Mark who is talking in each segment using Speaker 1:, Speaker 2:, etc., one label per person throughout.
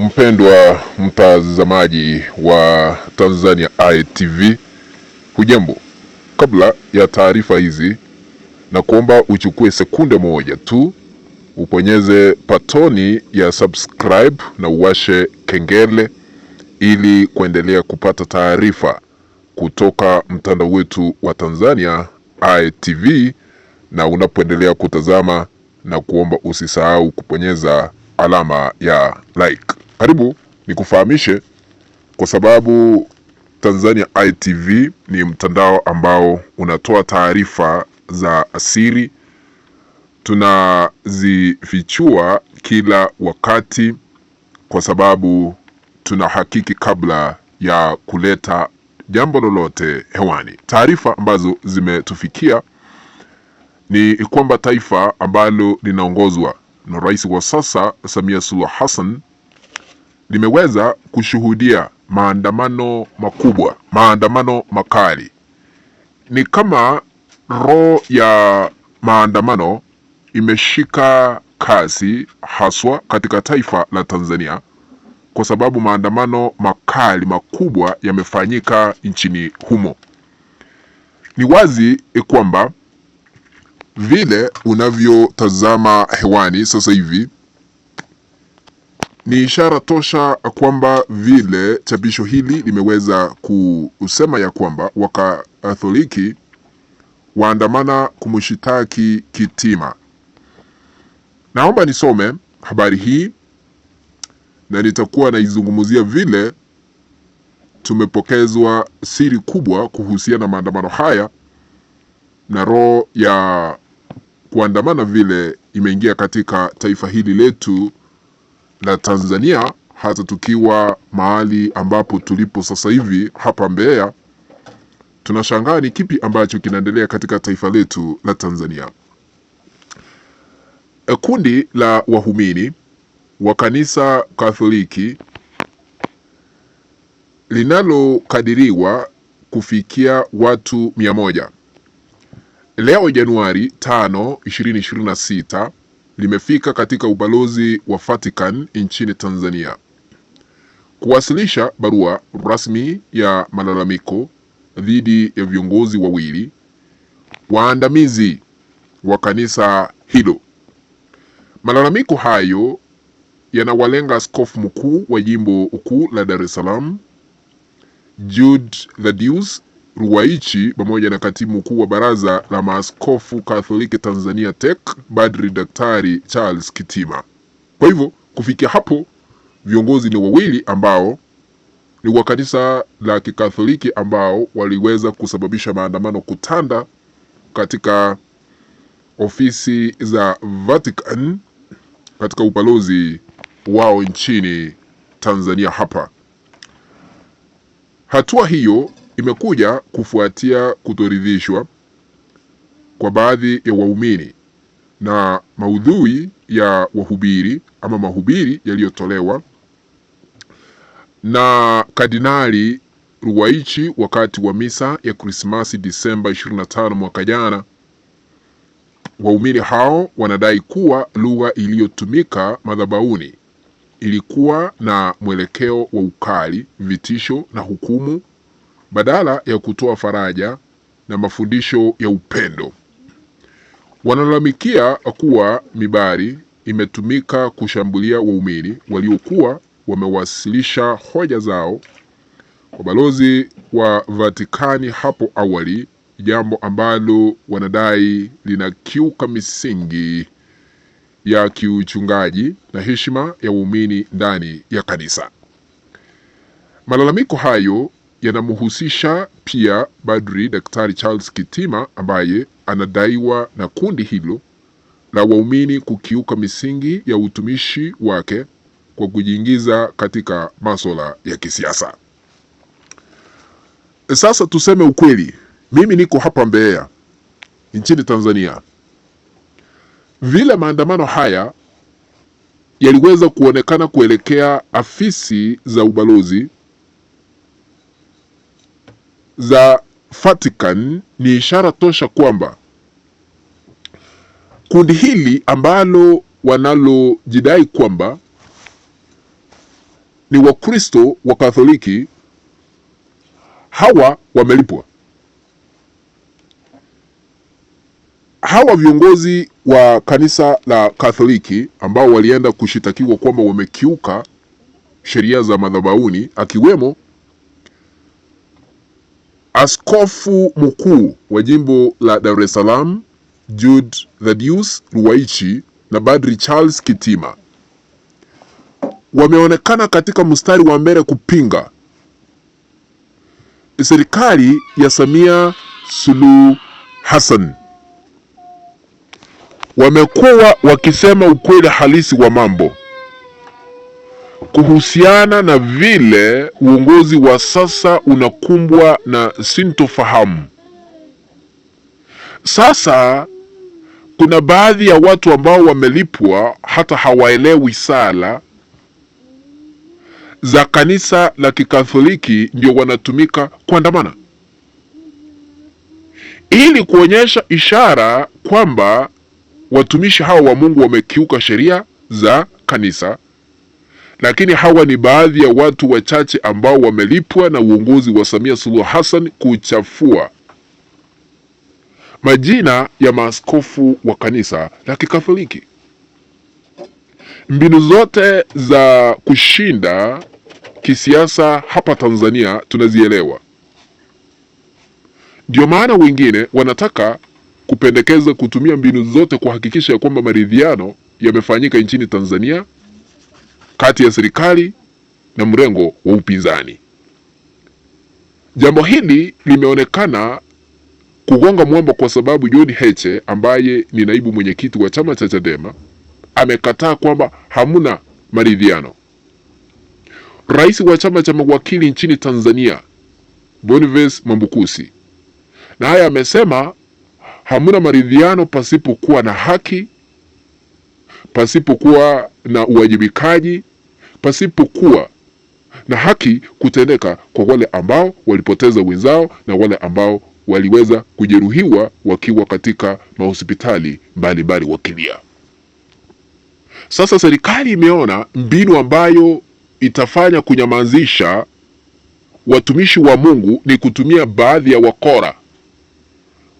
Speaker 1: Mpendwa mtazamaji wa Tanzania Eye TV, hujambo? Kabla ya taarifa hizi, na kuomba uchukue sekunde moja tu uponyeze patoni ya subscribe na uwashe kengele ili kuendelea kupata taarifa kutoka mtandao wetu wa Tanzania Eye TV, na unapoendelea kutazama na kuomba usisahau kuponyeza alama ya like. Karibu nikufahamishe, kwa sababu Tanzania ITV ni mtandao ambao unatoa taarifa za asiri, tunazifichua kila wakati kwa sababu tuna hakiki kabla ya kuleta jambo lolote hewani. Taarifa ambazo zimetufikia ni kwamba taifa ambalo linaongozwa na rais wa sasa Samia suluh Hassan limeweza kushuhudia maandamano makubwa, maandamano makali. Ni kama roho ya maandamano imeshika kasi haswa katika taifa la Tanzania kwa sababu maandamano makali makubwa yamefanyika nchini humo. Ni wazi kwamba vile unavyotazama hewani sasa hivi ni ishara tosha kwamba vile chapisho hili limeweza kusema ya kwamba Wakatholiki waandamana kumshitaki Kitima. Naomba nisome habari hii na nitakuwa naizungumzia vile tumepokezwa siri kubwa kuhusiana na maandamano haya na roho ya kuandamana vile imeingia katika taifa hili letu na Tanzania, hata tukiwa mahali ambapo tulipo sasa hivi hapa Mbeya, tunashangaa ni kipi ambacho kinaendelea katika taifa letu la Tanzania. E, kundi la wahumini wa kanisa katholiki linalokadiriwa kufikia watu mia moja leo Januari 5, 2026 limefika katika ubalozi wa Vatican nchini Tanzania kuwasilisha barua rasmi ya malalamiko dhidi ya viongozi wawili waandamizi wa kanisa hilo. Malalamiko hayo yanawalenga askofu mkuu wa jimbo kuu la Dar es Salaam Jude Thaddeus Ruwaichi pamoja na katibu mkuu wa Baraza la Maaskofu katholiki Tanzania TEC Badri Daktari Charles Kitima. Kwa hivyo kufikia hapo viongozi ni wawili ambao ni wa kanisa la Kikatholiki ambao waliweza kusababisha maandamano kutanda katika ofisi za Vatican katika ubalozi wao nchini Tanzania hapa. Hatua hiyo imekuja kufuatia kutoridhishwa kwa baadhi ya waumini na maudhui ya wahubiri ama mahubiri yaliyotolewa na Kardinali Ruwaichi wakati wa misa ya Krismasi Disemba 25 mwaka jana. Waumini hao wanadai kuwa lugha iliyotumika madhabauni ilikuwa na mwelekeo wa ukali, vitisho na hukumu badala ya kutoa faraja na mafundisho ya upendo. Wanalalamikia kuwa mibari imetumika kushambulia waumini waliokuwa wamewasilisha hoja zao kwa balozi wa Vatikani hapo awali, jambo ambalo wanadai linakiuka misingi ya kiuchungaji na heshima ya waumini ndani ya kanisa. Malalamiko hayo yanamhusisha pia Badri Daktari Charles Kitima ambaye anadaiwa na kundi hilo la waumini kukiuka misingi ya utumishi wake kwa kujiingiza katika masuala ya kisiasa. Sasa tuseme ukweli, mimi niko hapa Mbeya nchini Tanzania. Vile maandamano haya yaliweza kuonekana kuelekea afisi za ubalozi za Vatican ni ishara tosha kwamba kundi hili ambalo wanalojidai kwamba ni Wakristo wa Katoliki hawa wamelipwa. Hawa viongozi wa kanisa la Katoliki ambao walienda kushitakiwa kwamba wamekiuka sheria za madhabahuni akiwemo Askofu mkuu wa jimbo la Dar es Salaam Jude Thaddeus Ruwaichi na Badri Charles Kitima wameonekana katika mstari wa mbele kupinga serikali ya Samia Suluhu Hassan. Wamekuwa wakisema ukweli halisi wa mambo kuhusiana na vile uongozi wa sasa unakumbwa na sintofahamu. Sasa kuna baadhi ya watu ambao wamelipwa hata hawaelewi sala za kanisa la Kikatholiki, ndio wanatumika kuandamana ili kuonyesha ishara kwamba watumishi hawa wa Mungu wamekiuka sheria za kanisa lakini hawa ni baadhi ya watu wachache ambao wamelipwa na uongozi wa Samia Suluhu Hassan kuchafua majina ya maaskofu wa kanisa la Kikatholiki. Mbinu zote za kushinda kisiasa hapa Tanzania tunazielewa, ndio maana wengine wanataka kupendekeza kutumia mbinu zote kuhakikisha ya kwamba maridhiano yamefanyika nchini Tanzania kati ya serikali na mrengo wa upinzani. Jambo hili limeonekana kugonga mwamba kwa sababu John Heche ambaye ni naibu mwenyekiti wa chama cha Chadema amekataa kwamba hamuna maridhiano. Rais wa chama cha mawakili nchini Tanzania Boniface Mambukusi naye amesema hamuna maridhiano pasipokuwa na haki, pasipokuwa na uwajibikaji pasipokuwa na haki kutendeka kwa wale ambao walipoteza wenzao na wale ambao waliweza kujeruhiwa wakiwa katika mahospitali mbalimbali wakilia. Sasa serikali imeona mbinu ambayo itafanya kunyamazisha watumishi wa Mungu ni kutumia baadhi ya wakora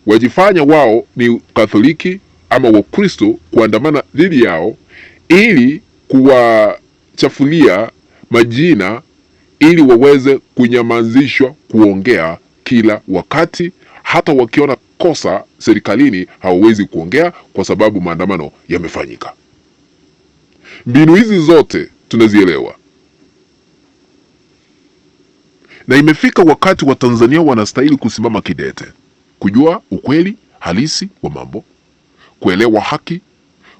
Speaker 1: wajifanya wao ni katholiki ama Wakristo kuandamana dhidi yao ili kuwa kuwachafulia majina ili waweze kunyamazishwa kuongea kila wakati. Hata wakiona kosa serikalini hawawezi kuongea kwa sababu maandamano yamefanyika. Mbinu hizi zote tunazielewa, na imefika wakati wa tanzania wanastahili kusimama kidete, kujua ukweli halisi wa mambo, kuelewa haki,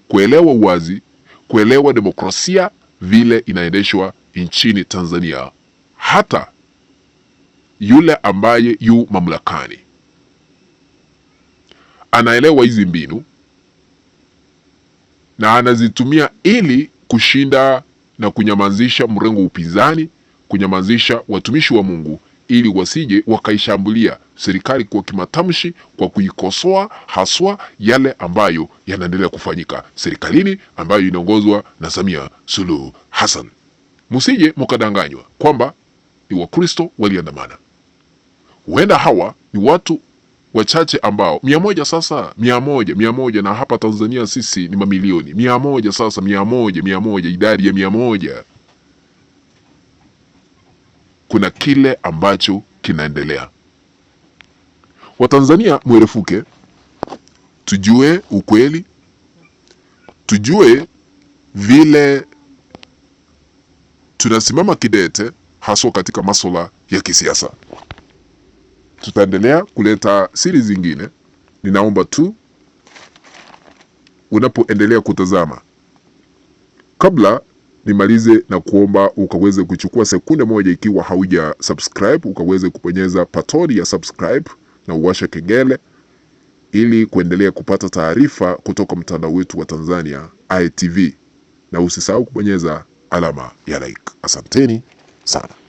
Speaker 1: kuelewa uwazi, kuelewa demokrasia vile inaendeshwa nchini Tanzania, hata yule ambaye yu mamlakani anaelewa hizi mbinu na anazitumia ili kushinda na kunyamazisha mrengo upinzani, kunyamazisha watumishi wa Mungu ili wasije wakaishambulia serikali kwa kimatamshi, kwa kuikosoa haswa yale ambayo yanaendelea kufanyika serikalini ambayo inaongozwa na Samia Suluhu Hassan. Msije mkadanganywa kwamba ni Wakristo waliandamana. Huenda hawa ni watu wachache ambao mia moja sasa, mia moja mia moja na hapa Tanzania sisi ni mamilioni. Mia moja sasa, mia moja mia moja idadi ya mia moja kuna kile ambacho kinaendelea. Watanzania mwerefuke, tujue ukweli, tujue vile tunasimama kidete, haswa katika masuala ya kisiasa. Tutaendelea kuleta siri zingine. Ninaomba tu unapoendelea kutazama, kabla nimalize na kuomba ukaweze kuchukua sekunde moja, ikiwa hauja subscribe, ukaweze kubonyeza patoni ya subscribe na uwashe kengele ili kuendelea kupata taarifa kutoka mtandao wetu wa Tanzania ITV, na usisahau kubonyeza alama ya like. Asanteni sana.